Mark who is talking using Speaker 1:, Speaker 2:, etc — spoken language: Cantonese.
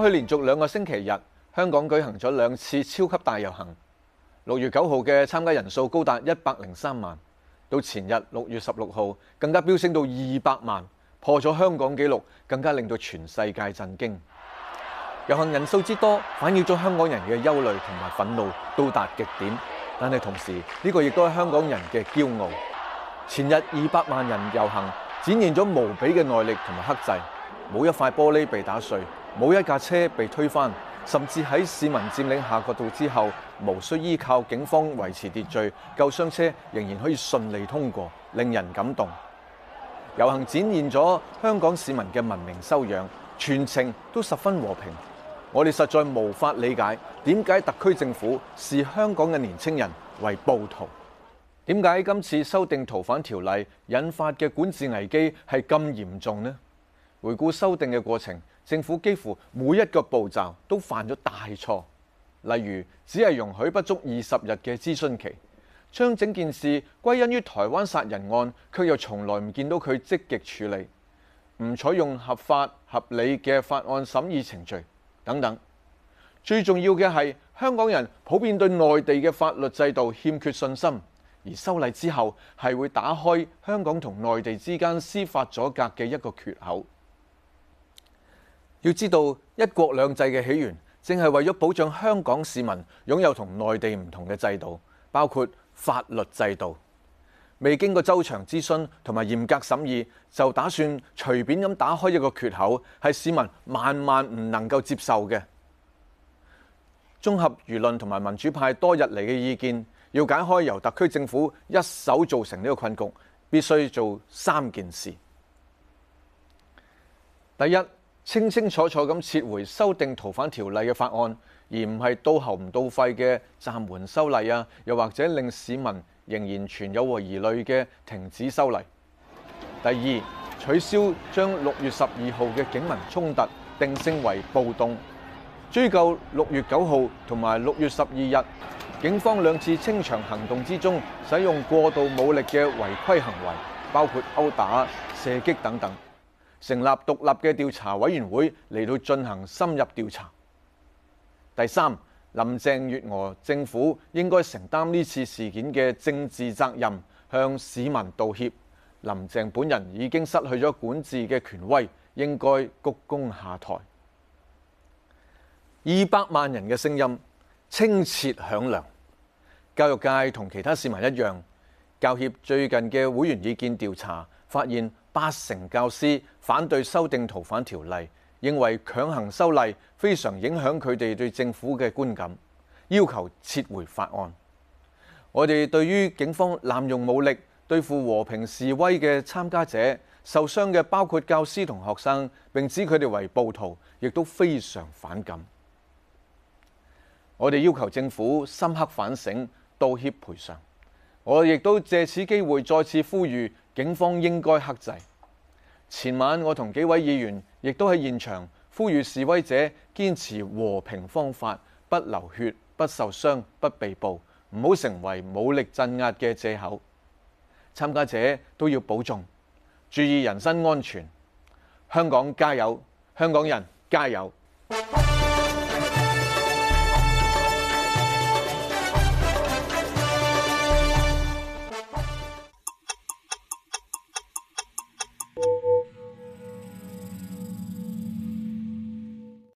Speaker 1: 過去連續兩個星期日，香港舉行咗兩次超級大遊行。六月九號嘅參加人數高達一百零三萬，到前日六月十六號更加飆升到二百萬，破咗香港紀錄，更加令到全世界震驚。遊行人數之多，反映咗香港人嘅憂慮同埋憤怒到達極點。但係同時，呢個亦都係香港人嘅驕傲。前日二百萬人遊行，展現咗無比嘅耐力同埋克制，冇一塊玻璃被打碎。冇一架車被推翻，甚至喺市民佔領下個度之後，無需依靠警方維持秩序，救傷車仍然可以順利通過，令人感動。遊行展現咗香港市民嘅文明修養，全程都十分和平。我哋實在無法理解點解特區政府視香港嘅年輕人為暴徒，點解今次修訂逃犯條例引發嘅管治危機係咁嚴重呢？回顧修訂嘅過程，政府幾乎每一個步驟都犯咗大錯。例如，只係容許不足二十日嘅諮詢期，將整件事歸因於台灣殺人案，卻又從來唔見到佢積極處理，唔採用合法合理嘅法案審議程序等等。最重要嘅係，香港人普遍對內地嘅法律制度欠缺信心，而修例之後係會打開香港同內地之間司法阻隔嘅一個缺口。要知道一國兩制嘅起源，正係為咗保障香港市民擁有同內地唔同嘅制度，包括法律制度。未經過周詳諮詢同埋嚴格審議，就打算隨便咁打開一個缺口，係市民萬萬唔能夠接受嘅。綜合輿論同埋民主派多日嚟嘅意見，要解開由特區政府一手造成呢個困局，必須做三件事。第一。清清楚楚咁撤回修訂逃犯條例嘅法案，而唔係到喉唔到肺嘅暫緩修例啊，又或者令市民仍然存有和疑慮嘅停止修例。第二，取消將六月十二號嘅警民衝突定性為暴動，追究六月九號同埋六月十二日警方兩次清場行動之中使用過度武力嘅違規行為，包括毆打、射擊等等。成立獨立嘅調查委員會嚟到進行深入調查。第三，林鄭月娥政府應該承擔呢次事件嘅政治責任，向市民道歉。林鄭本人已經失去咗管治嘅權威，應該鞠躬下台。二百萬人嘅聲音清澈響亮，教育界同其他市民一樣，教協最近嘅會員意見調查發現。八成教師反對修訂逃犯條例，認為強行修例非常影響佢哋對政府嘅觀感，要求撤回法案。我哋對於警方濫用武力對付和平示威嘅參加者、受傷嘅，包括教師同學生，並指佢哋為暴徒，亦都非常反感。我哋要求政府深刻反省、道歉賠償。我亦都借此機會再次呼籲。警方應該克制。前晚我同幾位議員亦都喺現場呼籲示威者堅持和平方法，不流血、不受傷、不被捕，唔好成為武力鎮壓嘅藉口。參加者都要保重，注意人身安全。香港加油，香港人加油！